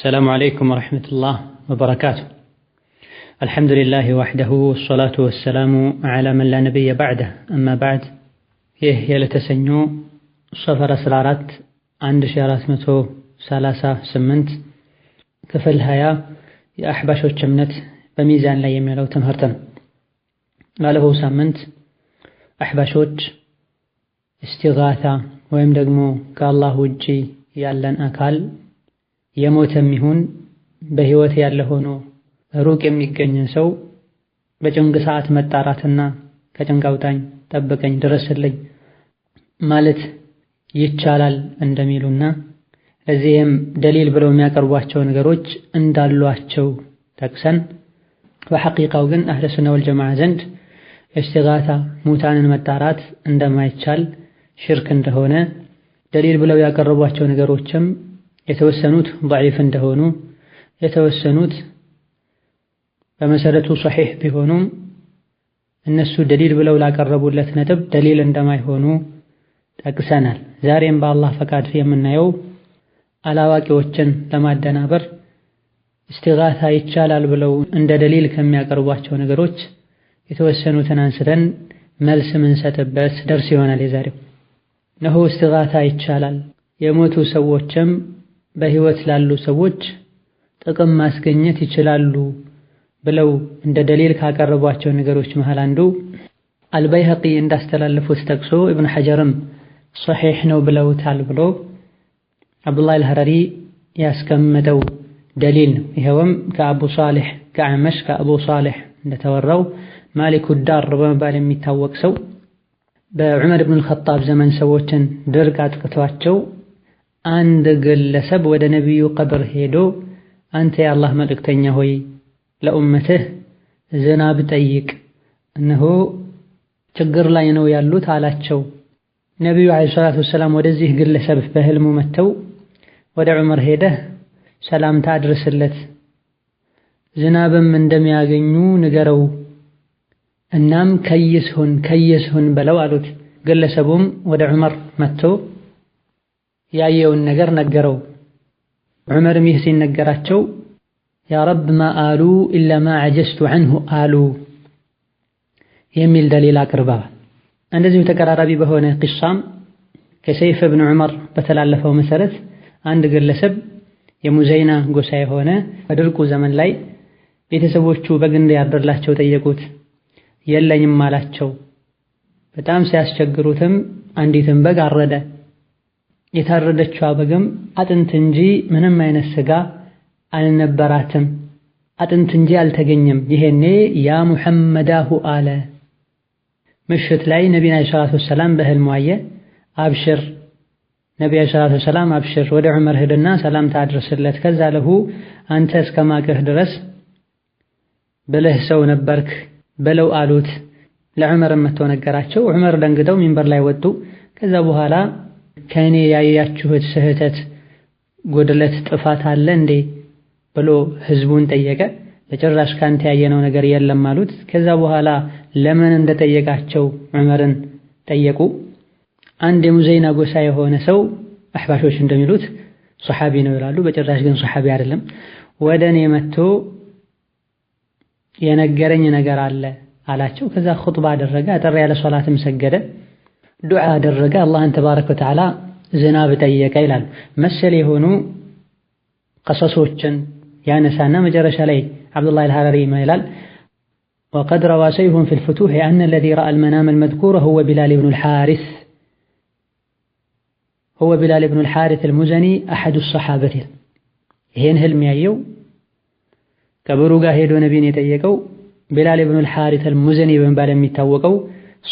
السلام عليكم ورحمة الله وبركاته. الحمد لله وحده والصلاة والسلام على من لا نبي بعده أما بعد هي لتسنو صفر سلارات عند شارات متو سلاسة سمنت كفل هيا يا أحبش وشمنت بميزان لا يميل أو تمهرتن قاله سمنت أحبش وش استغاثة ويمدقمو كالله وجي يالن أكال የሞተም ይሁን በህይወት ያለ ሆኖ ሩቅ የሚገኝን ሰው በጭንቅ ሰዓት መጣራትና ከጭንቅ አውጣኝ፣ ጠብቀኝ፣ ድረስልኝ ማለት ይቻላል እንደሚሉና እዚህም ደሊል ብለው የሚያቀርቧቸው ነገሮች እንዳሏቸው ጠቅሰን በሐቂቃው ግን አህለ ሱና ወልጀማዓ ዘንድ እስቲጋታ ሙታንን መጣራት እንደማይቻል ሽርክ እንደሆነ ደሊል ብለው ያቀረቧቸው ነገሮችም የተወሰኑት ደዒፍ እንደሆኑ የተወሰኑት በመሰረቱ ሰሒሕ ቢሆኑም እነሱ ደሊል ብለው ላቀረቡለት ነጥብ ደሊል እንደማይሆኑ ጠቅሰናል። ዛሬም በአላህ ፈቃድ የምናየው አላዋቂዎችን ለማደናበር እስቲጋታ ይቻላል ብለው እንደ ደሊል ከሚያቀርቧቸው ነገሮች የተወሰኑትን አንስተን መልስ ምንሰጥበት ደርስ ይሆናል። የዛሬው ነሆ እስቲጋታ ይቻላል የሞቱ ሰዎችም በህይወት ላሉ ሰዎች ጥቅም ማስገኘት ይችላሉ ብለው እንደ ደሊል ካቀረቧቸው ነገሮች መሃል አንዱ አልበይሀቂ እንዳስተላለፉት ጠቅሶ ኢብን ሐጀርም ሰሒሕ ነው ብለውታል ብሎ አብዱላህ አልሐረሪ ያስቀመጠው ደሊል ነው። ይኸውም ከአቡ ሷሊሕ ከአዕመሽ ከአቡ ሷሊሕ እንደተወራው ማሊኩ ዳር በመባል የሚታወቅ ሰው በዑመር ብኑል ኸጣብ ዘመን ሰዎችን ድርቅ አጥቅቷቸው አንድ ግለሰብ ወደ ነቢዩ ቀብር ሄዶ አንተ የአላህ መልእክተኛ ሆይ ለኡመትህ ዝናብ ጠይቅ፣ እነሆ ችግር ላይ ነው ያሉት አላቸው። ነቢዩ ዓለይሂ ሰላቱ ወሰላም ወደዚህ ግለሰብ በህልሙ መጥተው ወደ ዑመር ሄደህ ሰላምታ አድርስለት፣ ዝናብም እንደሚያገኙ ንገረው፣ እናም ከይስሁን ከይስሁን በለው አሉት። ግለሰቡም ወደ ዑመር መጥቶ ያየውን ነገር ነገረው። ዑመርም ይህ ሲነገራቸው ያ ረብ ማ አሉ ኢላ ማ አጀዝቱ አንሁ አሉ የሚል ደሊል አቅርበዋል። እንደዚሁ ተቀራራቢ በሆነ ቂሳም ከሰይፍ እብን ዑመር በተላለፈው መሰረት አንድ ግለሰብ የሙዘይና ጎሳ የሆነ በድርቁ ዘመን ላይ ቤተሰቦቹ በግ እንዲያርድላቸው ጠየቁት። የለኝም አላቸው። በጣም ሲያስቸግሩትም አንዲትን በግ አረደ። የታረደችዋ በግም አጥንት እንጂ ምንም አይነት ስጋ አልነበራትም፣ አጥንት እንጂ አልተገኘም። ይሄኔ ያ ሙሐመዳሁ አለ። ምሽት ላይ ነቢን ዓለይሂ ሰላቱ ወሰላም በህልሙ አየ። አብሽር ነቢ ዓለይሂ ሰላቱ ወሰላም አብሽር፣ ወደ ዑመር ሂድና ሰላምታ አድርስለት፣ ከዛ ለሁ አንተ እስከማቅህ ድረስ ብልህ ሰው ነበርክ በለው አሉት። ለዑመር መተው ነገራቸው። ዑመር ደንግጠው ሚንበር ላይ ወጡ። ከዛ በኋላ ከእኔ ያያችሁት ስህተት፣ ጎድለት፣ ጥፋት አለ እንዴ ብሎ ህዝቡን ጠየቀ። በጭራሽ ካንተ ያየነው ነገር የለም አሉት። ከዛ በኋላ ለምን እንደጠየቃቸው ዑመርን ጠየቁ። አንድ የሙዘይና ጎሳ የሆነ ሰው አሕባሾች እንደሚሉት ሶሓቢ ነው ይላሉ። በጭራሽ ግን ሶሓቢ አይደለም። ወደ እኔ መጥቶ የነገረኝ ነገር አለ አላቸው። ከዛ ኹጥባ አደረገ። አጠር ያለ ሶላትም ሰገደ። ዱዓ አደረገ አላህን ተባረከ ወተዓላ ዝናብ ጠየቀ ይላል። መሰል የሆኑ ቀሰሶችን ያነሳና መጨረሻ ላይ አብዱላህ አልሐረሪ ይላል ወቀድ ረዋ ሸይኹን ፊል ፍቱሕ አነ አለዚ ረአ አልመናም አልመዝኩረ ሁወ ቢላል ብኑ አልሓሪስ ሁወ ቢላል ብኑ አልሓሪስ አልሙዘኒ አሐዱ ሰሓበት ይሄን ህልም ያየው ቀብሩ ጋር ሄዶ ነቢን የጠየቀው ቢላል ብኑ አልሓሪስ አልሙዘኒ በመባል የሚታወቀው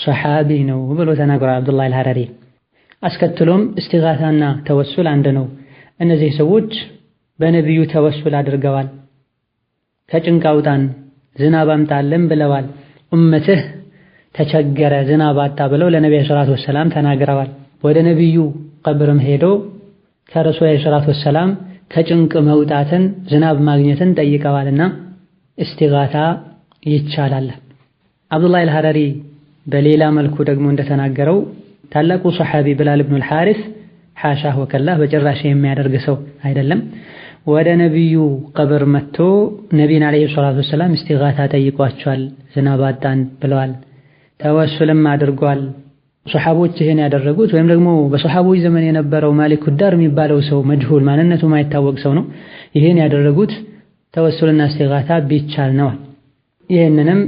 ሰሓቢ ነው ብሎ ተናግሯል አብዱላህ አልሐረሪ። አስከትሎም እስቲጋሳና ተወሱል አንድ ነው። እነዚህ ሰዎች በነቢዩ ተወሱል አድርገዋል። ከጭንቅ አውጣን፣ ዝናብ አምጣልን ብለዋል። ኡመትህ ተቸገረ፣ ዝናብ አጣ ብለው ለነቢ ዓለይሂ ሰላቱ ወሰላም ተናግረዋል። ወደ ነቢዩ ቀብርም ሄዶ ከረሱል ሰላቱ ወሰላም ከጭንቅ መውጣትን ዝናብ ማግኘትን ጠይቀዋልና እስቲጋታ ይቻላል። አብዱላህ አልሐረሪ በሌላ መልኩ ደግሞ እንደተናገረው ታላቁ ሰሓቢ ብላል ብኑል ሐሪስ ሓሻህ ወከላህ በጭራሽ የሚያደርግ ሰው አይደለም። ወደ ነቢዩ ቀብር መጥቶ ነቢን ዓለይሂ ሰላቱ ወሰላም እስቲጋታ ጠይቋቸዋል። ዝናብ አጣን ብለዋል። ተወሱልም አድርጓል። ሰሓቦች ይህን ያደረጉት ወይም ደግሞ በሰሓቦች ዘመን የነበረው ማሊኩ ዳር የሚባለው ሰው መጅሁል፣ ማንነቱ ማይታወቅ ሰው ነው። ይህን ያደረጉት ተወሱልና እስቲጋታ ቢቻል ነዋል። ይህንንም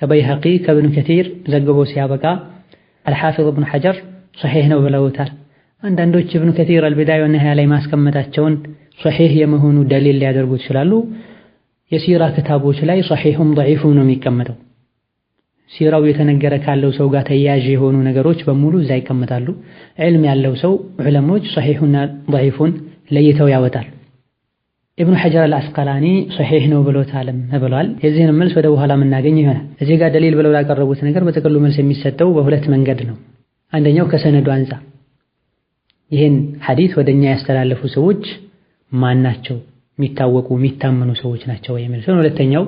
ከበይሀቂ ከብኑ ከቲር ዘግቦ ሲያበቃ አልሓፊዝ ብኑ ሐጀር ሶሒህ ነው ብለውታል። አንዳንዶች እብኑ ከቲር አልቢዳያ ወኒሃያ ላይ ማስቀመጣቸውን ሶሒህ የመሆኑ ደሊል ሊያደርጉ ይችላሉ። የሲራ ክታቦች ላይ ሶሒሁም ደዒፉ ነው የሚቀመጠው። ሲራው የተነገረ ካለው ሰው ጋር ተያያዥ የሆኑ ነገሮች በሙሉ እዛ ይቀመጣሉ። ዕልም ያለው ሰው ዑለሞች ሶሒሁና ደዒፉን ለይተው ያወጣል። ኢብኑ ሐጀር አልአስቀላኒ ሶሒህ ነው ብሎታልም ብሏል። የዚህን መልስ ወደ በኋላ የምናገኝ ይሆናል። እዚህ ጋር ደሊል ብለው ላቀረቡት ነገር በጥቅሉ መልስ የሚሰጠው በሁለት መንገድ ነው። አንደኛው ከሰነዱ አንፃር ይህን ሐዲት ወደ እኛ ያስተላለፉ ሰዎች ማን ናቸው? የሚታወቁ የሚታመኑ ሰዎች ናቸው የሚል ሲሆን፣ ሁለተኛው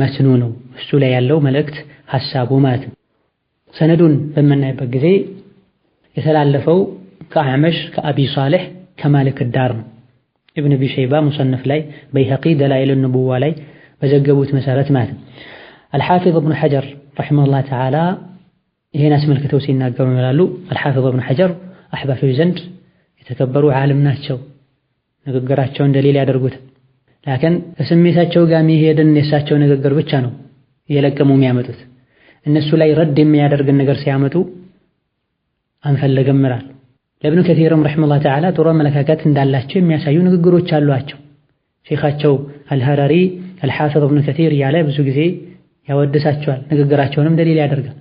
መትኑ ነው፣ እሱ ላይ ያለው መልእክት ሐሳቡ ማለት ነው። ሰነዱን በምናይበት ጊዜ የተላለፈው ከአዕመሽ ከአቢ ሷሊሕ ከማሊክ ዳር ነው ኢብን ሸይባ ሙሰነፍ ላይ በይሀቂ ደላኢል ንቡዋ ላይ በዘገቡት መሰረት ማለት ነው። አልሓፊዝ እብኑ ሐጀር ረሒመሁላህ ተዓላ ይሄን አስመልክተው ሲናገሩ ይላሉ። አልሓፊዝ እብኑ ሐጀር አሕባሾች ዘንድ የተከበሩ ዓለም ናቸው። ንግግራቸውን ደሊል ያደርጉት ላኪን ከስሜታቸው ጋር የሚሄድን የእሳቸው ንግግር ብቻ ነው እየለቀሙ የሚያመጡት። እነሱ ላይ ረድ የሚያደርግን ነገር ሲያመጡ አንፈለግም ይላል። ለእብኑ ከቲርም ረሒመሁላህ ተዓላ ጥሩ አመለካከት እንዳላቸው የሚያሳዩ ንግግሮች አሏቸው። ሼኻቸው አልሀረሪ አልሓፊዝ እብኑ ከሲር እያለ ብዙ ጊዜ ያወድሳቸዋል። ንግግራቸውንም ደሊል ያደርጋል።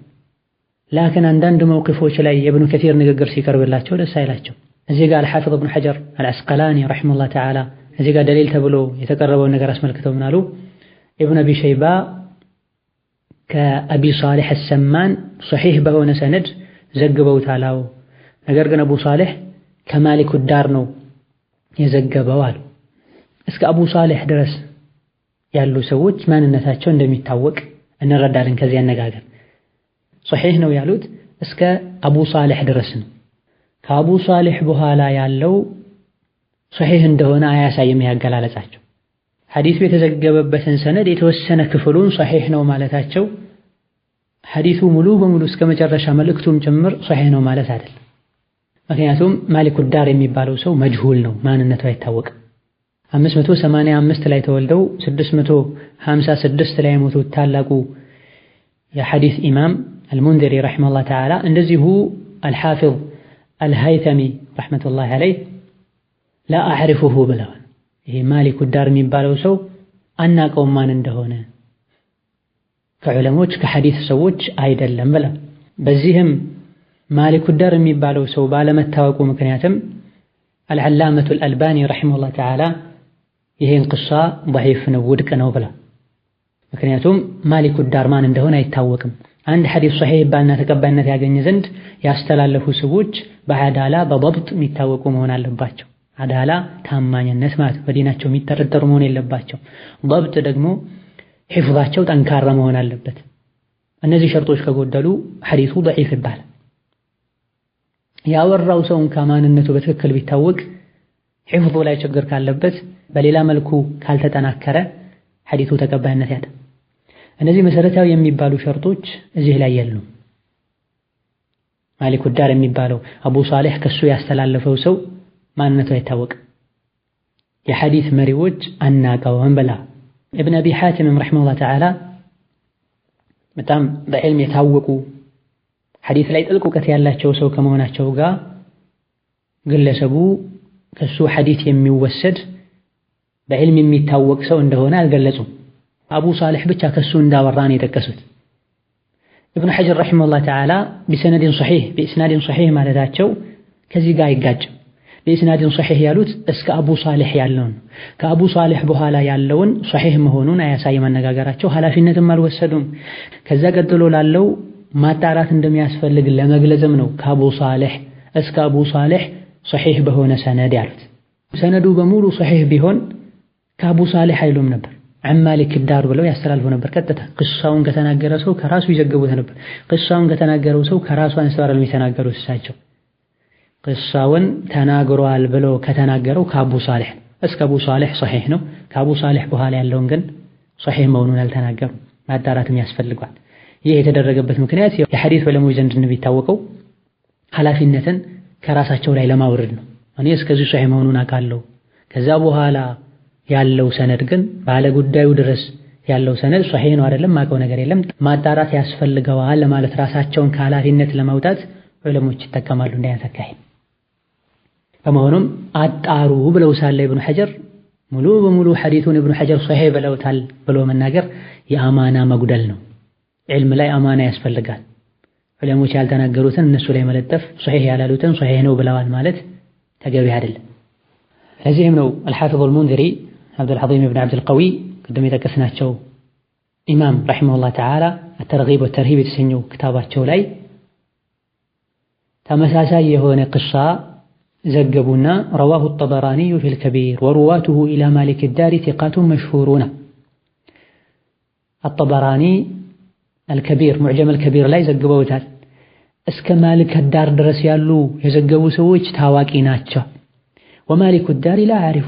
ላክን አንዳንድ መውቅፎች ላይ የእብኑ ከሲር ንግግር ሲቀርብላቸው ደስ አይላቸው። እዚህ ጋር አልሓፊዝ እብኑ ሐጀር አልአስቀላኒ ረሒመሁላህ ተዓላ እዚህ ጋር ደሊል ተብሎ የተቀረበውን ነገር አስመልክተው ምናሉ ኢብኑ አቢ ሸይባ ከአቢ ሷሊሕ አሰማን ሰሒሕ በሆነ ሰነድ ዘግበውታላው ነገር ግን አቡ ሳሌሕ ከማሊኩ ዳር ነው የዘገበው አሉ። እስከ አቡ ሳሌሕ ድረስ ያሉ ሰዎች ማንነታቸው እንደሚታወቅ እንረዳለን ከዚህ አነጋገር። ሶሒሕ ነው ያሉት እስከ አቡ ሳሌሕ ድረስ ነው። ከአቡ ሳሌሕ በኋላ ያለው ሶሒሕ እንደሆነ አያሳይም። ያገላለጻቸው ሐዲሱ የተዘገበበትን ሰነድ የተወሰነ ክፍሉን ሶሒሕ ነው ማለታቸው ሐዲሱ ሙሉ በሙሉ እስከ መጨረሻ መልእክቱም ጭምር ሶሒሕ ነው ማለት አይደለም። ምክንያቱም ማሊኩ ዳር የሚባለው ሰው መጅሁል ነው፣ ማንነቱ አይታወቅም። 585 ላይ ተወልደው 656 ላይ የሞቱት ታላቁ የሐዲስ ኢማም አልሙንዚሪ ረሂመሁላህ ተዓላ እንደዚሁ አልሓፊዝ አልሃይተሚ ረሂመቱላሂ ዓለይህ ላ አዕሪፉሁ ብለዋል። ይሄ ማሊኩ ዳር የሚባለው ሰው አናቀውም ማን እንደሆነ ከዑለሞች ከሐዲስ ሰዎች አይደለም ብለዋል። በዚህም ማሊኩ ዳር የሚባለው ሰው ባለመታወቁ ምክንያትም አልዓላመቱል አልባኒ ረሒመሁላህ ተዓላ ይሄን ቅሷ ደዒፍ ነው ውድቅ ነው ብላ። ምክንያቱም ማሊኩ ዳር ማን እንደሆነ አይታወቅም። አንድ ሐዲስ ሶሒህ ይባልና ተቀባይነት ያገኝ ዘንድ ያስተላለፉ ሰዎች በአዳላ በበብጥ የሚታወቁ መሆን አለባቸው። አዳላ ታማኝነት ማለት በዲናቸው የሚጠረጠሩ መሆን የለባቸው። በብጥ ደግሞ ሒፍዛቸው ጠንካራ መሆን አለበት። እነዚህ ሸርጦች ከጎደሉ ሐዲሱ ደዒፍ ይባላል። ያወራው ሰው እንኳ ማንነቱ በትክክል ቢታወቅ ሒፍዙ ላይ ችግር ካለበት በሌላ መልኩ ካልተጠናከረ ሐዲቱ ተቀባይነት ያጣል። እነዚህ መሰረታዊ የሚባሉ ሸርጦች እዚህ ላይ ያሉ። ማሊኩ ዳር የሚባለው አቡ ሷሊህ ከሱ ያስተላለፈው ሰው ማንነቱ አይታወቅ። የሐዲት መሪዎች አናቀውም ብላ ኢብን አቢ ሐቲም ረሒመሁላህ ተዓላ በጣም በዕልም የታወቁ ሐዲስ ላይ ጥልቅ እውቀት ያላቸው ሰው ከመሆናቸው ጋር ግለሰቡ ከሱ ሐዲስ የሚወሰድ በዕልም የሚታወቅ ሰው እንደሆነ አልገለጹም። አቡ ሳልሕ ብቻ ከሱ እንዳወራ ነው የጠቀሱት። እብኑ ሐጀር ረሒመሁላህ ተዓላ ቢሰነድን ሶሒሕ በኢስናድን ሶሒሕ ማለታቸው ከዚህ ጋር አይጋጭም። በኢስናድን ሶሒሕ ያሉት እስከ አቡ ሳልሕ ያለውን ከአቡ ሳልሕ በኋላ ያለውን ሶሒሕ መሆኑን አያሳይም አነጋገራቸው ኃላፊነትም አልወሰዱም። ከዛ ቀጥሎ ላለው ማጣራት እንደሚያስፈልግ ለመግለጽም ነው ከአቡ ሳሌሕ እስከ አቡ ሳሌሕ ሰሒሕ በሆነ ሰነድ ያሉት። ሰነዱ በሙሉ ሰሒሕ ቢሆን ከአቡ ሳሌሕ አይሉም ነበር። ዐማሊክ ዳር ብለው ያስተላልፉ ነበር። ቀጥታ ቅሳውን ከተናገረ ሰው ከራሱ ይዘግቡት ነበር። ክሳውን ከተናገረው ሰው ከራሱ አንስተዋል የሚተናገሩት እሳቸው ቅሳውን ተናግሯል ብለው ከተናገረው ከአቡ ሳሌሕ እስከ አቡ ሳሌሕ ሰሒሕ ነው። ከአቡ ሳሌሕ በኋላ ያለውን ግን ሰሒሕ መሆኑን አልተናገሩም። ማጣራትም ያስፈልጓል። ይህ የተደረገበት ምክንያት የሐዲስ ዑለሞች ዘንድ እንደሚታወቀው ኃላፊነትን ከራሳቸው ላይ ለማውረድ ነው። እኔ እስከዚህ ሷሂህ መሆኑን አውቃለሁ። ከዛ በኋላ ያለው ሰነድ ግን ባለ ጉዳዩ ድረስ ያለው ሰነድ ሷሂህ ነው አይደለም፣ ማውቀው ነገር የለም፣ ማጣራት ያስፈልገዋል ለማለት ራሳቸውን ከኃላፊነት ለማውጣት ዑለሞች ይጠቀማሉ እንዲህ አይነት አካሄድ። በመሆኑም አጣሩ ብለው ሳለ ኢብኑ ሐጀር ሙሉ በሙሉ ሐዲሱን ኢብኑ ሐጀር ሷሂህ ብለውታል ብሎ መናገር የአማና መጉደል ነው። علم لا أمانة يسفل لقال قال علمو شال تناجروتن نسوا لي ملتف صحيح على لوتن صحيح نو بلوان مالت تجاوي هادل لازم نو الحافظ المنذري عبد العظيم بن عبد القوي قدم إذا كسنا شو إمام رحمه الله تعالى الترغيب والترهيب تسنو كتابه شو لي تمساسا يهون قصة زجبنا رواه الطبراني في الكبير ورواته إلى مالك الدار ثقات مشهورون الطبراني አልከቢር ሙዕጀም አልከቢር ላይ ዘግበውታል። እስከ ማሊክ ዳር ድረስ ያሉ የዘገቡ ሰዎች ታዋቂ ናቸው። ወማሊኩ ዳር ላ አሪፉ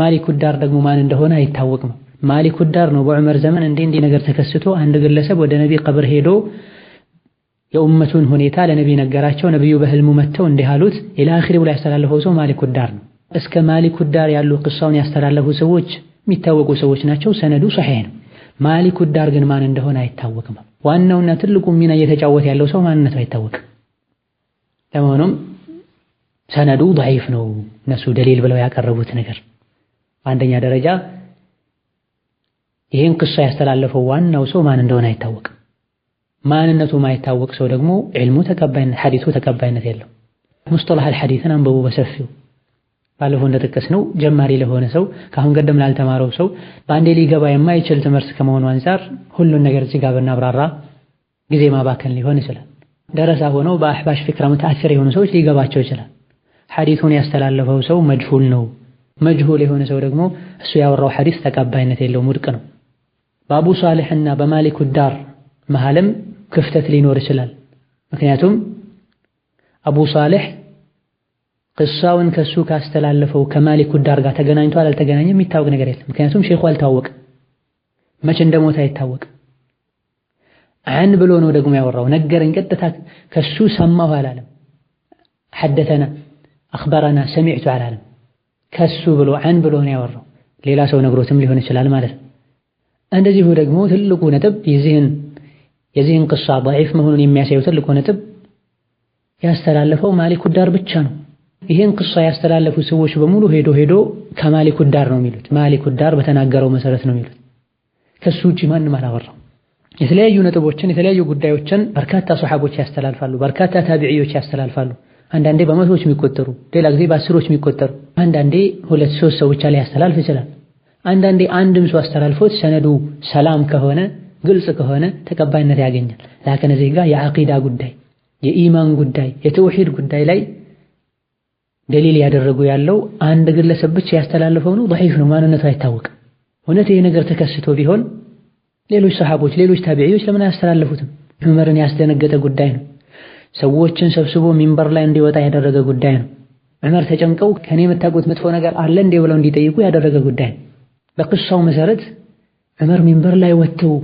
ማሊኩ ዳር ደግሞ ማን እንደሆነ አይታወቅም። ማሊኩ ዳር ነው በዑመር ዘመን እንዲህ እንዲህ ነገር ተከስቶ አንድ ግለሰብ ወደ ነቢ ቀብር ሄዶ የኡመቱን ሁኔታ ለነቢ ነገራቸው። ነቢዩ በህልሙ መጥተው እንዲህ አሉት። ኢላ አኺሪ ብሎ ያስተላለፈው ሰው ማሊኩ ዳር ነው። እስከ ማሊኩ ዳር ያሉ ቅሳውን ያስተላለፉ ሰዎች የሚታወቁ ሰዎች ናቸው። ሰነዱ ሰሒህ ነው። ማሊኩ ዳር ግን ማን እንደሆነ አይታወቅም። ዋናውና ትልቁ ሚና እየተጫወተ ያለው ሰው ማንነቱ አይታወቅም። ለመሆኑም ሰነዱ ضعيف ነው። እነሱ ደሊል ብለው ያቀረቡት ነገር በአንደኛ ደረጃ ይህን ክሷ ያስተላለፈው ዋናው ሰው ማን እንደሆነ አይታወቅም። ማንነቱ ማይታወቅ ሰው ደግሞ ዕልሙ ተቀባይነት ሐዲሱ ተቀባይነት የለው። ሙስጠላህ አልሐዲስን አንብቡ በሰፊው ባለፈው ነው ጀማሪ ለሆነ ሰው ከአሁን ቀደም ላልተማረው ሰው በአንዴ ሊገባ የማይችል ትምህርት ከመሆኑ አንፃር ሁሉን ነገር እዚህ ጋር ብናብራራ ጊዜ ማባከን ሊሆን ይችላል። ደረሳ ሆነው በአሕባሽ ፊክራ መተአሰር የሆኑ ሰዎች ሊገባቸው ይችላል። ሐዲሱን ያስተላለፈው ሰው መጅሁል ነው። መጅሁል የሆነ ሰው ደግሞ እሱ ያወራው ሐዲስ ተቀባይነት የለውም፣ ውድቅ ነው። በአቡ ሷሊሕና በማሊኩ ዳር መሃልም ክፍተት ሊኖር ይችላል። ምክንያቱም አቡ ሷሊሕ ቅሳውን ከሱ ካስተላለፈው ከማሊክ ዳር ጋር ተገናኝቷል አልተገናኘም የሚታወቅ ነገር የለም። ምክንያቱም ሼኹ አልታወቅም፣ መቼ እንደሞተ አይታወቅም። አን ብሎ ነው ደግሞ ያወራው ነገረኝ፣ ቀጥታ ከሱ ሰማሁ አላለም። ሐደተና አኽበረና ሰሚዕቱ አላለም። ከሱ ብሎ አን ብሎ ነው ያወራው። ሌላ ሰው ነግሮትም ሊሆን ይችላል ማለት ነው። እንደዚሁ ደግሞ ትልቁ ነጥብ የዚህን የዚህን ቅሳ ደዒፍ መሆኑን የሚያሳየው ትልቁ ነጥብ ያስተላለፈው ማሊክ ዳር ብቻ ነው። ይህን ክሷ ያስተላለፉ ሰዎች በሙሉ ሄዶ ሄዶ ከማሊኩ ዳር ነው የሚሉት። ማሊኩ ዳር በተናገረው መሰረት ነው የሚሉት። ከሱ ውጪ ማንም አላወራም። የተለያዩ ነጥቦችን የተለያዩ ጉዳዮችን በርካታ ሰሓቦች ያስተላልፋሉ፣ በርካታ ታቢዒዎች ያስተላልፋሉ። አንዳንዴ በመቶዎች የሚቆጠሩ ሌላ ጊዜ በአስሮች የሚቆጠሩ አንዳንዴ ሁለት ሶስት ሰው ብቻ ላይ ያስተላልፍ ይችላል። አንዳንዴ አንድም ሰው አስተላልፎት ሰነዱ ሰላም ከሆነ ግልጽ ከሆነ ተቀባይነት ያገኛል። ላከን እዚህ ጋር ጉዳይ የኢማን ጉዳይ የተውሂድ ጉዳይ ላይ ደሊል ያደረጉ ያለው አንድ ግለሰብ ብቻ ያስተላለፈው ነው። ضعيف ነው፣ ማንነቱ አይታወቅም። እውነት ይህ ነገር ተከስቶ ቢሆን ሌሎች ሰሃቦች፣ ሌሎች ታቢዒዎች ለምን አያስተላለፉትም? ዑመርን ያስደነገጠ ጉዳይ ነው። ሰዎችን ሰብስቦ ሚንበር ላይ እንዲወጣ ያደረገ ጉዳይ ነው። ዑመር ተጨንቀው ከኔ የምታውቁት መጥፎ ነገር አለ እንዴ ብለው እንዲጠይቁ ያደረገ ጉዳይ ነው። በቅሳው መሰረት ዑመር ሚንበር ላይ ወጥተው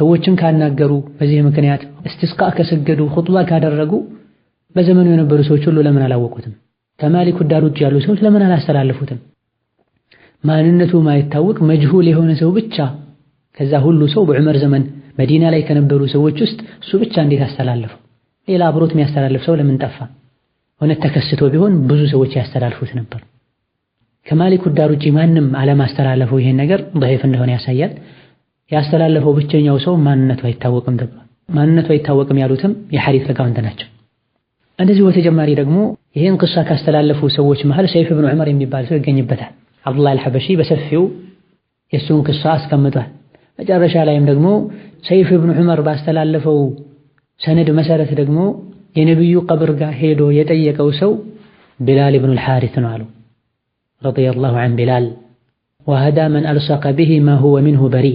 ሰዎችን ካናገሩ፣ በዚህ ምክንያት እስቲስቃ ከሰገዱ፣ ኹጥባ ካደረጉ በዘመኑ የነበሩ ሰዎች ሁሉ ለምን አላወቁትም? ከማሊኩ ዳር ውጭ ያሉ ሰዎች ለምን አላስተላለፉትም? ማንነቱ ማይታወቅ መጅሁል የሆነ ሰው ብቻ ከዛ ሁሉ ሰው በዑመር ዘመን መዲና ላይ ከነበሩ ሰዎች ውስጥ እሱ ብቻ እንዴት አስተላለፈው? ሌላ አብሮት የሚያስተላልፍ ሰው ለምን ጠፋ? እውነት ተከስቶ ቢሆን ብዙ ሰዎች ያስተላልፉት ነበር። ከማሊኩ ዳር ውጭ ማንም አለማስተላለፈው ይሄን ነገር ደሒፍ እንደሆነ ያሳያል። ያስተላለፈው ብቸኛው ሰው ማንነቱ አይታወቅም ተብሏል። ማንነቱ አይታወቅም ያሉትም የሐዲት ሊቃውንት ናቸው። እንደዚሁ በተጨማሪ ደግሞ ይህን ቅሳ ካስተላለፉ ሰዎች መሃል ሰይፍ ብን ዑመር የሚባል ሰው ይገኝበታል። አብዱላህ አልሐበሺ በሰፊው የእሱን ቅሳ አስቀምጧል። መጨረሻ ላይም ደግሞ ሰይፍ ብን ዑመር ባስተላለፈው ሰነድ መሰረት ደግሞ የነቢዩ ቀብር ጋር ሄዶ የጠየቀው ሰው ቢላል ብኑል ሓሪት ነው አሉ። ረዲየላሁ ዐን ቢላል ወሀዳ መን አልሰቀ ብሂ ማ ሁወ ሚንሁ በሪ።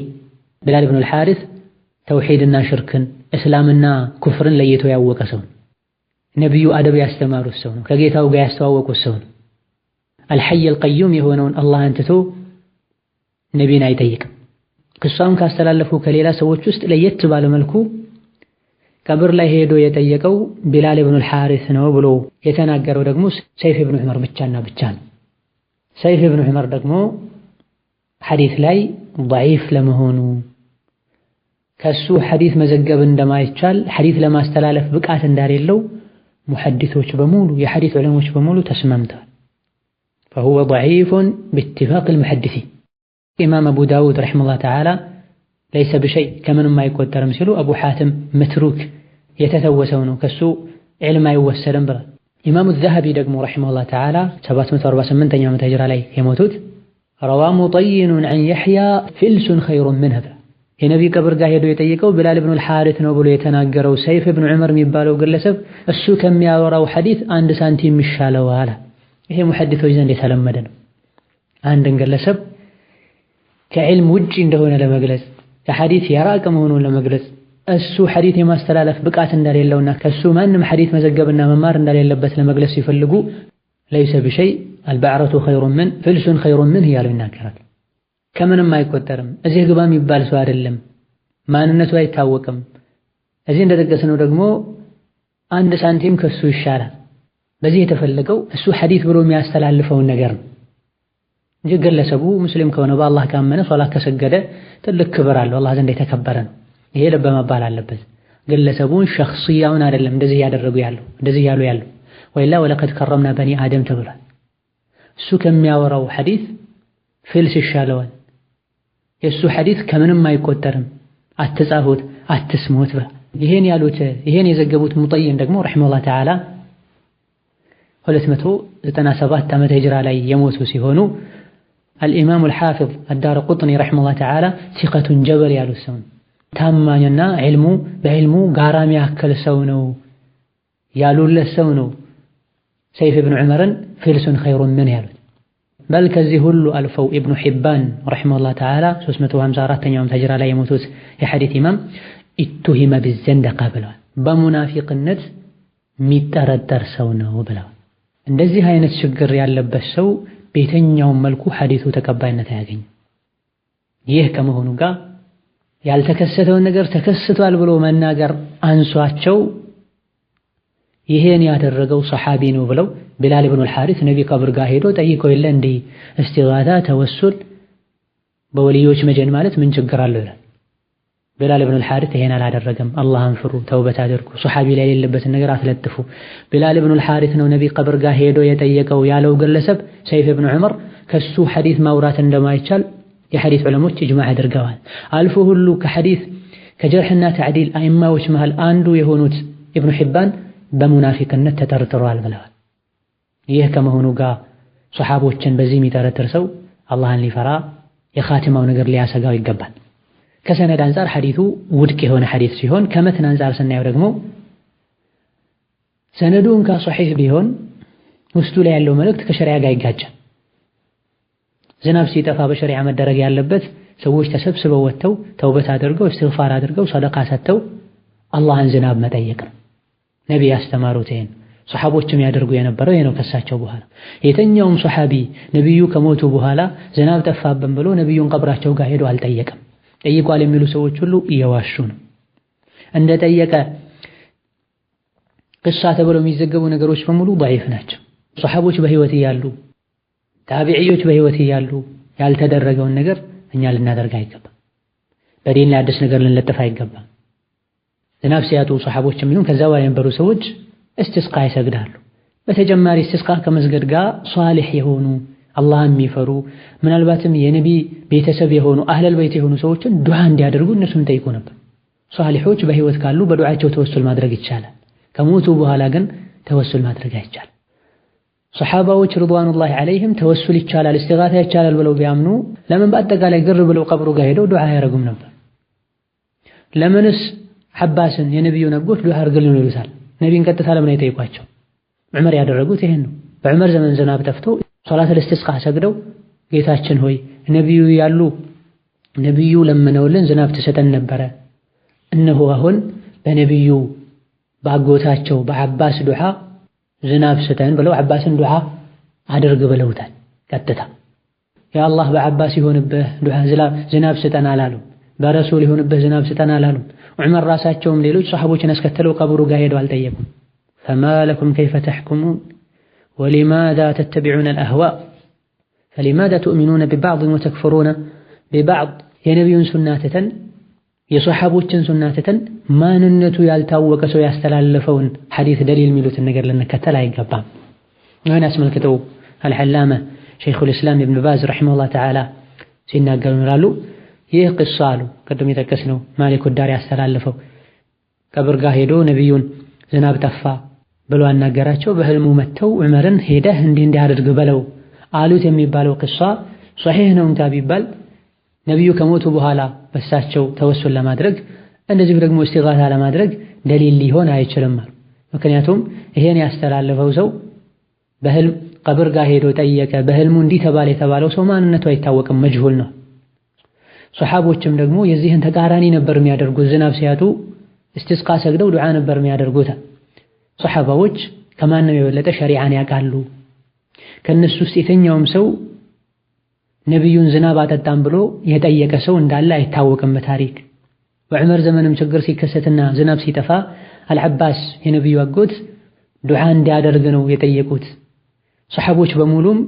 ቢላል ብኑል ሓሪት ተውሒድና ሽርክን እስላምና ኩፍርን ለይቶ ያወቀ ሰው ነቢዩ አደብ ያስተማሩት ሰው ነው። ከጌታው ጋር ያስተዋወቁት ሰው ነው። አልሐየል ቀዩም የሆነውን አላህን ትቶ ነቢን አይጠይቅም። ክሷም ካስተላለፉ ከሌላ ሰዎች ውስጥ ለየት ባለመልኩ ቀብር ላይ ሄዶ የጠየቀው ቢላል ኢብኑል ሐሪስ ነው ብሎ የተናገረው ደግሞ ሰይፍ ብኑ ዑመር ብቻና ብቻ ነው። ሰይፍ ብኑ ዑመር ደግሞ ሐዲስ ላይ ደዒፍ ለመሆኑ ከሱ ሐዲስ መዘገብ እንደማይቻል ሐዲስ ለማስተላለፍ ብቃት እንዳሌለው محدثوش بمولو يحدث علم وشبمولو تسممتها فهو ضعيف باتفاق المحدثين إمام أبو داود رحمه الله تعالى ليس بشيء كمن ما يقول ترمسلو أبو حاتم متروك يتثوسون كسو علم ما يوسل إمام الذهبي دقمو رحمه الله تعالى سبات متر من تجر عليه يموتوت روى مطين عن يحيى فلس خير من هذا የነቢ ቀብር ጋር ሄዶ የጠየቀው ቢላል ብኑል ሐሪት ነው ብሎ የተናገረው ሰይፍ እብን ዑመር የሚባለው ግለሰብ እሱ ከሚያወራው ሐዲት አንድ ሳንቲም ይሻለዋል። ይሄ ሙሐዲቶች ዘንድ የተለመደ ነው። አንድን ግለሰብ ከዕልም ውጪ እንደሆነ ለመግለጽ ከሐዲት የራቀ መሆኑን ለመግለጽ እሱ ሐዲት የማስተላለፍ ብቃት እንደሌለውና ከሱ ማንም ሐዲት መዘገብና መማር እንደሌለበት ለመግለጽ ሲፈልጉ ለይሰ ብሸይ አልበዕረቱ ኸይሩን ምን ፍልሱን ኸይሩን ምን እያሉ ይናገራል። ከምንም አይቆጠርም። እዚህ ግባ የሚባል ሰው አይደለም፣ ማንነቱ አይታወቅም። እዚህ እንደጠቀስነው ደግሞ አንድ ሳንቲም ከሱ ይሻላል። በዚህ የተፈለገው እሱ ሐዲት ብሎ የሚያስተላልፈውን ነገር ነው እንጂ ግለሰቡ ሙስሊም ከሆነ በአላህ ካመነ ሶላት ከሰገደ ትልቅ ክብር አለው፣ አላህ ዘንድ የተከበረ ነው። ይሄ ልብ መባል አለበት። ግለሰቡን ሸኽስያውን አይደለም እንደዚህ ያደረጉ ያሉ እንደዚህ ያሉ ያለው ወይላ ወለቀድ ከረምና በኒ አደም ተብሏል። እሱ ከሚያወራው ሐዲት ፊልስ ይሻለዋል። የእሱ ሐዲስ ከምንም አይቆጠርም። አትጻፉት፣ አትስሙት። ይሄን ያሉት ይሄን የዘገቡት ሙጠይን ደግሞ ረሒመሁላህ ተዓላ 297 ዓመተ ሂጅራ ላይ የሞቱ ሲሆኑ አልኢማሙ አልሓፊዝ አዳረቁጥኒ ረሒመሁላህ ተዓላ ሲቀቱን ጀበል ያሉት ሰው ታማኝና ዒልሙ በዒልሙ ጋራ ያከል ሰው ነው ያሉለት ሰው ነው። ሰይፍ ብን ዑመርን ፊልሱን ኸይሩን ምን ያሉት በል ከዚህ ሁሉ አልፈው ኢብኑ ሒባን ረሒመሁላህ ተዓላ 354ኛው ተጅራ ላይ የሞቱት የሐዲት ኢማም ኢቱሂመ ቢዘንደቃ ብለዋል። በሙናፊቅነት የሚጠረጠር ሰው ነው ብለዋል። እንደዚህ አይነት ችግር ያለበት ሰው በየትኛውም መልኩ ሐዲቱ ተቀባይነት አያገኝም። ይህ ከመሆኑ ጋር ያልተከሰተውን ነገር ተከስቷል ብሎ መናገር አንሷቸው ይሄን ያደረገው ሰሓቢ ነው ብለው ቢላል ብኑ ልሓሪስ ነቢ ቀብር ጋር ሄዶ ጠይቆ የለ እንዲህ እስቲጋታ ተወሱል በወልዮች መጀን ማለት ምን ችግር አለው ይላል። ቢላል ብኑ ልሓሪስ ይሄን አላደረገም። አላህን ፍሩ፣ ተውበት አድርጉ፣ ሰሓቢ ላይ የሌለበትን ነገር አትለጥፉ። ቢላል ብኑ ልሓሪስ ነው ነቢ ቀብር ጋር ሄዶ የጠየቀው ያለው ግለሰብ ሰይፍ ብኑ ዑመር ከሱ ሐዲት ማውራት እንደማይቻል የሐዲት ዑለሞች እጅማዕ አድርገዋል። አልፎ ሁሉ ከሐዲት ከጀርሕና ተዕዲል አይማዎች መሃል አንዱ የሆኑት ኢብኑ ሒባን በሙናፊቅነት ተጠርጥሯል ብለዋል። ይህ ከመሆኑ ጋር ሰሓቦችን በዚህ የሚጠረጥር ሰው አላህን ሊፈራ የኻቲማው ነገር ሊያሰጋው ይገባል። ከሰነድ አንጻር ሐዲቱ ውድቅ የሆነ ሐዲት ሲሆን ከመትን አንጻር ስናየው ደግሞ ሰነዱ እንኳ ሶሒሕ ቢሆን ውስጡ ላይ ያለው መልእክት ከሸሪያ ጋር ይጋጫል። ዝናብ ሲጠፋ በሸሪያ መደረግ ያለበት ሰዎች ተሰብስበው ወጥተው ተውበት አድርገው እስትግፋር አድርገው ሰደቃ ሰጥተው አላህን ዝናብ መጠየቅ ነው። ነቢይ ያስተማሩት ይሄን ሰሓቦችም ያደርጉ የነበረው ይሄ ነው። ከሳቸው በኋላ የተኛውም ሰሓቢ ነቢዩ ከሞቱ በኋላ ዝናብ ጠፋብን ብሎ ነቢዩን ቀብራቸው ጋር ሄዶ አልጠየቀም። ጠይቋል የሚሉ ሰዎች ሁሉ እየዋሹ ነው። እንደ ጠየቀ ቅሳ ተብለው የሚዘገቡ ነገሮች በሙሉ ضعيف ናቸው። ሰሓቦች በህይወት እያሉ ታቢዕዮች በህይወት እያሉ ያልተደረገውን ነገር እኛ ልናደርግ አይገባም። በዲን ላይ አዲስ ነገር ልንለጥፍ አይገባም። ዝናብ ሲያጡ ሰሓቦች የሚሆን ከዛ የነበሩ ሰዎች እስቲስቃ ይሰግዳሉ። በተጨማሪ እስቲስቃ ከመስገድ ጋር ሷሊሕ የሆኑ አላህ የሚፈሩ ምናልባትም የነቢ ቤተሰብ የሆኑ አህለል በይት የሆኑ ሰዎችን ዱዓ እንዲያደርጉ እነሱን ጠይቁ ነበር። ሷሊሖች በህይወት ካሉ በዱዓቸው ተወሱል ማድረግ ይቻላል። ከሞቱ በኋላ ግን ተወሱል ማድረግ አይቻል። ሰሓባዎች ርድዋኑላሂ ዓለይህም ተወሱል ይቻላል፣ እስቲጋታ ይቻላል ብለው ቢያምኑ ለምን በአጠቃላይ ግር ብለው ቀብሩ ጋር ሄደው ዱዓ አያደርጉም ነበር? ለምንስ ሐባስን የነቢዩን አጎት ዱዓ አድርግልን ይሉታል። ነቢን ቀጥታ ለምን አይጠይቋቸው? ዑመር ያደረጉት ይህን ነው። በዑመር ዘመን ዝናብ ተፍቶ ሶላት ኢስቲስቃ ሰግደው ጌታችን ሆይ ነቢዩ ያሉ ነቢዩ ለምነውልን ዝናብ ትሰጠን ነበረ። እነሆ አሁን በነቢዩ ባጎታቸው በዓባስ ዱዓ ዝናብ ስጠን ብለው ዓባስን ዱዓ አድርግ ብለውታል። ቀጥታ የአላህ በዓባስ ይሆንብህ ዱዓ ዝናብ ስጠን አላሉ። በረሱል ይሁንብህ ዝናብ ስጠናል አሉ። ዑመር ራሳቸውም ሌሎች ሰሐቦችን አስከተለው ቀብሩ ጋር ሄደው አልጠየቁም። ፈማ ለኩም ከይፈ ተሕኩሙን ወሊማዛ ተተቢዑነ አልአህዋ ፈሊማዛ ትእሚኑነ ቢባዕድን ወተክፍሩነ ቢባዕድ የነቢዩን ሱና ትተን የሰሐቦችን ሱና ትተን ማንነቱ ያልታወቀ ሰው ያስተላለፈውን ሐዲስ ደሊል የሚሉትን ነገር ልንከተል አይገባም። ይህን አስመልክተው አልዓላማ ሸይኹል ኢስላም ኢብን ባዝ ረሒመሁላህ ተዓላ ሲናገሩ ይላሉ ይህ ቅሷ አሉ ቅድም ነው ማሊኩ ዳር ያስተላለፈው ቀብር ጋር ሄዶ ነቢዩን ዝናብ ጠፋ ብሎ አናገራቸው። በህልሙ መጥተው ዑመርን ሄደህ እንዲህ እንዲህ አድርግ በለው አሉት የሚባለው ቅሷ ሶሒህ ነው እንኳ ቢባል ነቢዩ ከሞቱ በኋላ በሳቸው ተወሱል ለማድረግ እንደዚሁ ደግሞ እስቲጋታ ለማድረግ ደሊል ሊሆን አይችልም አሉ። ምክንያቱም ይሄን ያስተላለፈው ሰው በህልም ቀብር ጋር ሄዶ ጠየቀ፣ በህልሙ እንዲህ ተባለ የተባለው ሰው ማንነቱ አይታወቅም፣ መጅሁል ነው። ሰሓቦችም ደግሞ የዚህን ተቃራኒ ነበር የሚያደርጉት። ዝናብ ሲያጡ እስቲስቃ ሰግደው ዱዓ ነበር የሚያደርጉት። ሰሓባዎች ከማንም የበለጠ ሸሪዓን ያውቃሉ። ከነሱ ውስጥ የተኛውም ሰው ነቢዩን ዝናብ አጠጣም ብሎ የጠየቀ ሰው እንዳለ አይታወቅም በታሪክ። በዑመር ዘመንም ችግር ሲከሰትና ዝናብ ሲጠፋ አልዓባስ የነቢዩ አጎት ዱዓ እንዲያደርግ ነው የጠየቁት። ሰሓቦች በሙሉም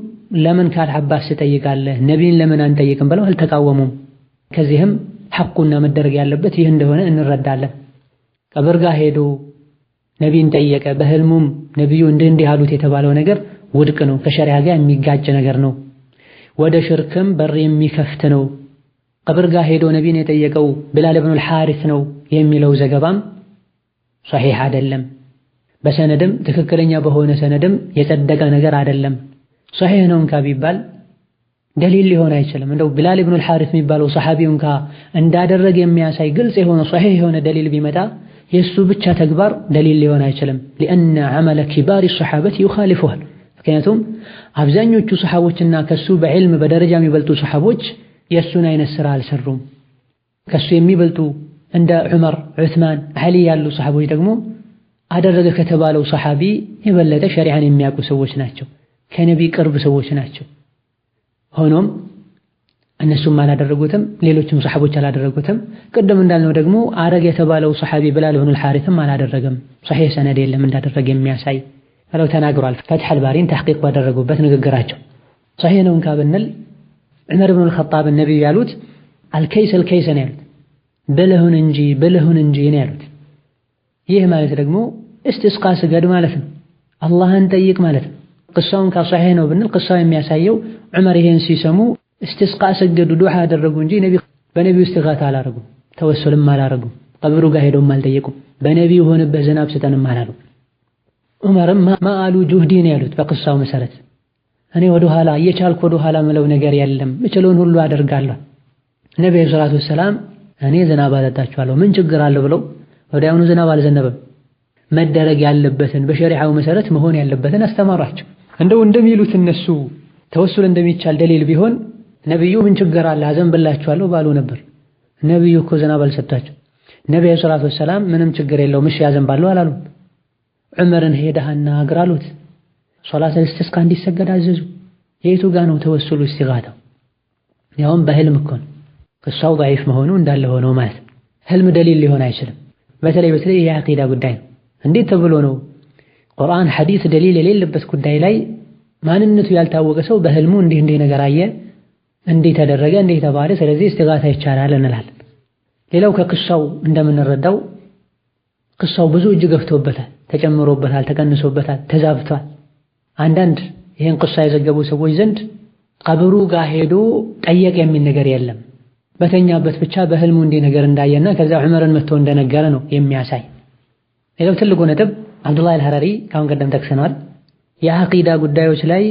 ለምን ከአልዓባስ ትጠይቃለህ ነቢይን ለምን አንጠይቅም ብለው አልተቃወሙም። ከዚህም ሐቁና መደረግ ያለበት ይህ እንደሆነ እንረዳለን። ቀብር ጋር ሄዶ ነቢን ጠየቀ፣ በህልሙም ነቢዩ እንዲህ እንዲህ አሉት የተባለው ነገር ውድቅ ነው፣ ከሸሪያ ጋር የሚጋጭ ነገር ነው፣ ወደ ሽርክም በር የሚከፍት ነው። ቀብር ጋር ሄዶ ነቢን የጠየቀው ቢላል ኢብኑል ሐሪስ ነው የሚለው ዘገባም ሶሒሕ አይደለም። በሰነድም ትክክለኛ በሆነ ሰነድም የጸደቀ ነገር አይደለም። ሶሒሕ ነው እንካ ቢባል دليل اللي هون أيشلون من بلال بن الحارث مبالو صحابي أنك أن دادر رجيم يا ساي قلص إيه هون صحيح هون دليل بمتى يسوب تشات أكبر دليل اللي هون أيشلون لأن عمل كبار الصحابة يخالفه فكانتهم أفزانيو تشو صحابوش أن كسوب علم بدرجة مبالتو صحابوش يسونا إن السرع لسرهم كسوب مبالتو عند عمر عثمان علي يالو صحابوش تقمو أدر كتبالو صحابي يبلد شريعان يمياكو سووش ناتشو كنبي قرب سووش ሆኖም እነሱም አላደረጉትም፣ ሌሎችም ሰሐቦች አላደረጉትም። ቅድም እንዳልነው ደግሞ አረግ የተባለው ሰሐቢ ብላል ብኑል ሐሪትም አላደረገም። ሰሒህ ሰነድ የለም እንዳደረገ የሚያሳይ ብለው ተናግሯል። ፈትሐል ባሪን ተሕቂቅ ባደረጉበት ንግግራቸው ሰሒህ ነውን ካብንል ዑመር ብኑል ኸጣብ ነቢዩ ያሉት አልከይስ አልከይስ ነው ያሉት፣ ብልሁን እንጂ ብልሁን እንጂ ነው ያሉት። ይህ ማለት ደግሞ እስቲስቃ ስገድ ማለት ነው፣ አላህን ጠይቅ ማለት ነው። ቅሳውን ከሰሒህ ነው ብንል ቅሳው የሚያሳየው ዑመር ይሄን ሲሰሙ እስቲስቃ ሰገዱ፣ ዱዓ አደረጉ እንጂ በነቢዩ እስቲጋታ አላረጉም፣ ተወሰልም አላረጉም፣ ቀብሩ ጋር ሄደውም አልጠየቁም። በነቢዩ ሆነበት ዝናብ ስጠንም አላሉ። ዑመርም ማአሉ ጁህዲ ነው ያሉት በቅሳው መሰረት። እኔ ወደኋላ እየቻልኩ ወደኋላ ምለው ነገር የለም እችለውን ሁሉ አደርጋለሁ። ነቢዩ ሰላቱ ወሰላም እኔ ዝናብ አጠጣችኋለሁ ምን ችግር አለው ብለው ወዲያውኑ ዝናብ አልዘነበም። መደረግ ያለበትን በሸሪዓው መሰረት መሆን ያለበትን አስተማሯቸው። እንደው እንደሚሉት እነሱ ተወሱል እንደሚቻል ደሊል ቢሆን ነቢዩ ምን ችግር አለ አዘንብላችኋለሁ ባሉ ነበር። ነቢዩ እኮ ዝናብ አልሰጣቸው። ነቢዩ ሰላቱ ወሰላም ምንም ችግር የለውም እሺ ያዘንባለሁ አላሉ ዑመርን ሄደህ አናግር አሉት። ሶላት እስቲስቃ እንዲሰገድ አዘዙ። የቱ ጋ ነው ተወሱሉ እስቲጋታው? ያውም በህልም እኮ ነው። እሷው መሆኑ እንዳለ ሆነው ማለት ህልም ደሊል ሊሆን አይችልም። በተለይ በተለይ የአቂዳ ጉዳይ ነው። እንዴት ተብሎ ነው ቁርአን፣ ሐዲስ ደሊል የሌለበት ጉዳይ ላይ ማንነቱ ያልታወቀ ሰው በህልሙ እንዲህ እንዲህ ነገር አየ፣ እንዲህ ተደረገ፣ እንዲህ ተባለ፣ ስለዚህ ኢስቲጋሳ ይቻላል እንላለን። ሌላው ከክሳው እንደምንረዳው ክሳው ብዙ እጅ ገፍቶበታል፣ ተጨምሮበታል፣ ተቀንሶበታል፣ ተዛብቷል። አንዳንድ ይህን ክሳ የዘገቡ ሰዎች ዘንድ ቀብሩ ጋር ሄዶ ጠየቅ የሚል ነገር የለም። በተኛበት ብቻ በህልሙ እንዲህ ነገር እንዳየና ከዛ ዑመርን መጥቶ እንደነገረ ነው የሚያሳይ። ሌላው ትልቁ ነጥብ አብዱላህ አልሐረሪ ካሁን ቀደም ጠቅሰናል። የአቂዳ ጉዳዮች ላይ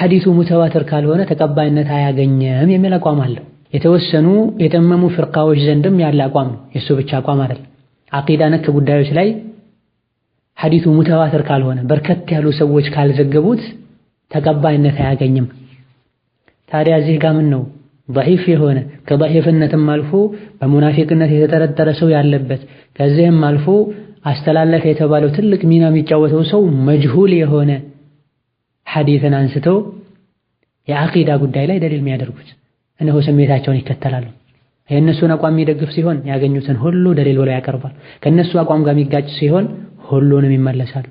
ሐዲሱ ሙተዋትር ካልሆነ ተቀባይነት አያገኘም የሚል አቋም አለው። የተወሰኑ የጠመሙ ፍርቃዎች ዘንድም ያለ አቋም ነው፣ የእሱ ብቻ አቋም አይደለም። አቂዳ ነክ ጉዳዮች ላይ ሐዲሱ ሙተዋትር ካልሆነ በርከት ያሉ ሰዎች ካልዘገቡት ተቀባይነት አያገኝም። ታዲያ እዚህ ጋር ምን ነው ደዒፍ የሆነ ከደዒፍነትም አልፎ በሙናፊቅነት የተጠረጠረ ሰው ያለበት ከዚህም አልፎ አስተላለፈ የተባለው ትልቅ ሚና የሚጫወተው ሰው መጅሁል የሆነ ሐዲትን አንስተው የአቂዳ ጉዳይ ላይ ደሊል የሚያደርጉት እነሆ ስሜታቸውን ይከተላሉ። የእነሱን አቋም የሚደግፍ ሲሆን ያገኙትን ሁሉ ደሊል ብለው ያቀርባል። ከእነሱ አቋም ጋር የሚጋጭ ሲሆን ሁሉንም ይመለሳሉ።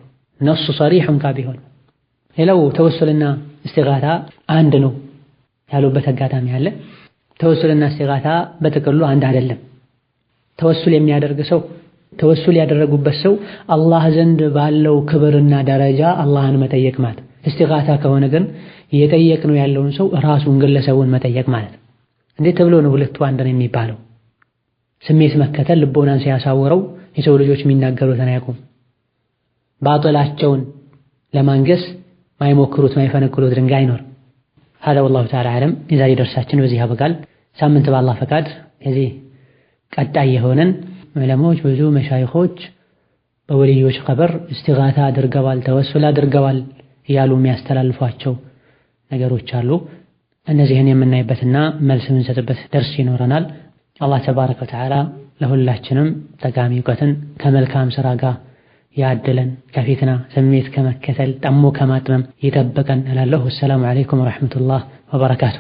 ነሱ ሰሪሕ እንኳ ቢሆን። ሌላው ተወሱልና እስቲጋታ አንድ ነው ያሉበት አጋጣሚ አለ። ተወሱልና እስቲጋታ በጥቅሉ አንድ አይደለም። ተወሱል የሚያደርግ ሰው ተወሱል ያደረጉበት ሰው አላህ ዘንድ ባለው ክብርና ደረጃ አላህን መጠየቅ ማለት እስቲጋታ ከሆነ ግን ነው ያለውን ሰው ራሱን ግለሰቡን መጠየቅ ማለት እንዴት ተብሎ ነው ሁለቱ አንድ ነው የሚባለው? ስሜት መከተል ልቦናን ሲያሳውረው የሰው ልጆች የሚናገሩትን አያውቁም። ባጥላቸውን ለማንገስ ማይሞክሩት ማይፈነክሉት ድንጋይ አይኖር። ሀዛ ወላሁ ተዓላ አዕለም። የዛሬ ደርሳችን በዚህ ያበቃል። ሳምንት በአላህ ፈቃድ ከዚህ ቀጣይ የሆነን ዑለማዎች ብዙ መሻይኾች በወልዮች ቀብር እስትጋታ አድርገዋል፣ ተወሱል አድርገዋል እያሉ የሚያስተላልፏቸው ነገሮች አሉ። እነዚህን የምናይበትና መልስ የምንሰጥበት ደርስ ይኖረናል። አላህ ተባረከ ወተዓላ ለሁላችንም ጠቃሚ እውቀትን ከመልካም ስራ ጋር ያድለን፣ ከፊትና ስሜት ከመከተል ጠሞ ከማጥመም ይጠብቀን እላለሁ። ወሰላሙ ዓለይኩም ወረሕመቱላህ ወበረካቱ።